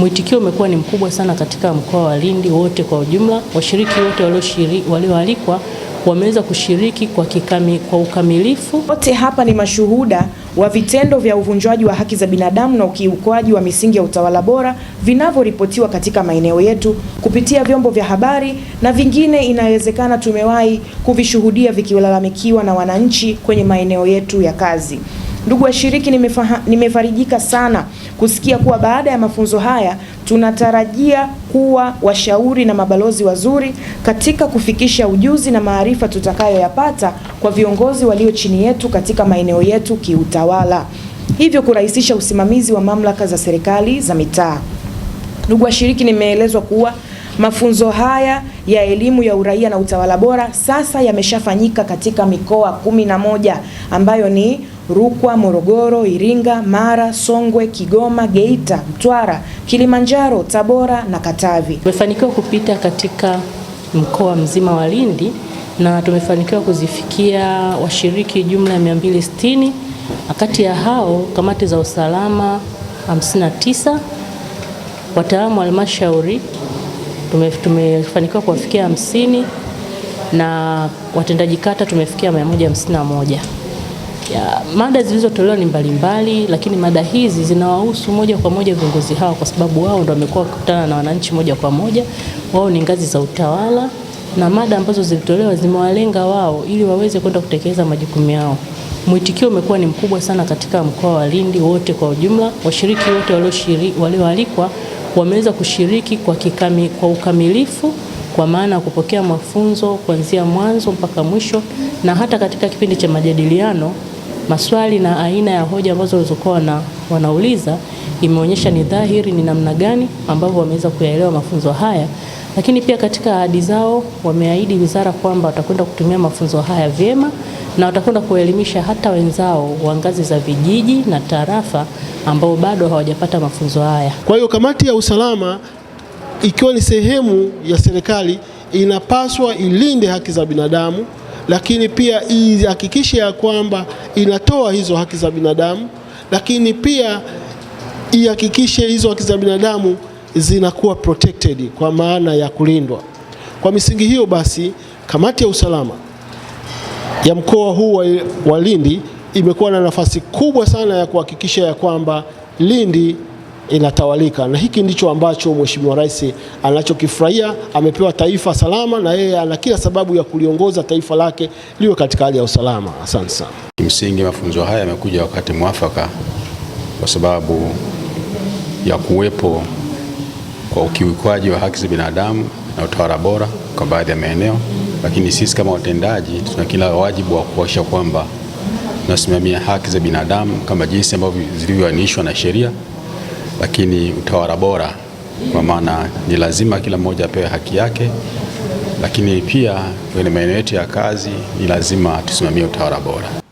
Mwitikio umekuwa ni mkubwa sana katika mkoa wa Lindi wote kwa ujumla. Washiriki wote walioalikwa wameweza kushiriki kwa, kikami, kwa ukamilifu. Wote hapa ni mashuhuda wa vitendo vya uvunjwaji wa haki za binadamu na ukiukwaji wa misingi ya utawala bora vinavyoripotiwa katika maeneo yetu kupitia vyombo vya habari na vingine, inawezekana tumewahi kuvishuhudia vikilalamikiwa na wananchi kwenye maeneo yetu ya kazi. Ndugu washiriki, nimefarijika sana kusikia kuwa baada ya mafunzo haya tunatarajia kuwa washauri na mabalozi wazuri katika kufikisha ujuzi na maarifa tutakayoyapata kwa viongozi walio chini yetu katika maeneo yetu kiutawala, hivyo kurahisisha usimamizi wa mamlaka za serikali za mitaa. Ndugu washiriki, nimeelezwa kuwa mafunzo haya ya elimu ya uraia na utawala bora sasa yameshafanyika katika mikoa kumi na moja ambayo ni Rukwa, Morogoro, Iringa, Mara, Songwe, Kigoma, Geita, Mtwara, Kilimanjaro, Tabora na Katavi. Tumefanikiwa kupita katika mkoa mzima wa Lindi na tumefanikiwa kuzifikia washiriki jumla ya 260. Kati ya hao kamati za usalama 59, wataalamu wa halmashauri tumefanikiwa kuwafikia 50 na watendaji kata tumefikia 151 ya, mada zilizotolewa ni mbalimbali, lakini mada hizi zinawahusu moja kwa moja viongozi hao, kwa sababu wao ndio wamekuwa wakikutana na wananchi moja kwa moja, wao ni ngazi za utawala, na mada ambazo zilitolewa zimewalenga wao ili waweze kwenda kutekeleza majukumu yao. Mwitikio umekuwa ni mkubwa sana katika mkoa wa Lindi wote kwa ujumla. Washiriki wote walioalikwa wameweza kushiriki kwa, kikami, kwa ukamilifu kwa maana ya kupokea mafunzo kuanzia mwanzo mpaka mwisho, na hata katika kipindi cha majadiliano maswali na aina ya hoja ambazo walizokuwa wanauliza imeonyesha ni dhahiri ni namna gani ambavyo wameweza kuyaelewa mafunzo haya, lakini pia katika ahadi zao wameahidi wizara kwamba watakwenda kutumia mafunzo haya vyema na watakwenda kuwaelimisha hata wenzao wa ngazi za vijiji na tarafa ambao bado hawajapata mafunzo haya. Kwa hiyo kamati ya usalama ikiwa ni sehemu ya serikali inapaswa ilinde haki za binadamu lakini pia ihakikishe ya kwamba inatoa hizo haki za binadamu, lakini pia ihakikishe hizo haki za binadamu zinakuwa protected kwa maana ya kulindwa. Kwa misingi hiyo basi, kamati ya usalama ya mkoa huu wa Lindi imekuwa na nafasi kubwa sana ya kuhakikisha ya kwamba Lindi inatawalika, na hiki ndicho ambacho Mheshimiwa Rais anachokifurahia. Amepewa taifa salama, na yeye ana kila sababu ya kuliongoza taifa lake liwe katika hali ya usalama. Asante sana. Kimsingi mafunzo haya yamekuja wakati mwafaka kwa sababu ya kuwepo kwa ukiukwaji wa haki za binadamu na utawala bora kwa baadhi ya maeneo, lakini sisi kama watendaji tuna kila wajibu wa kuhakikisha kwamba tunasimamia haki za binadamu kama jinsi ambavyo zilivyoainishwa na sheria lakini utawala bora, kwa maana ni lazima kila mmoja apewe haki yake, lakini pia kwenye maeneo yetu ya kazi ni lazima tusimamie utawala bora.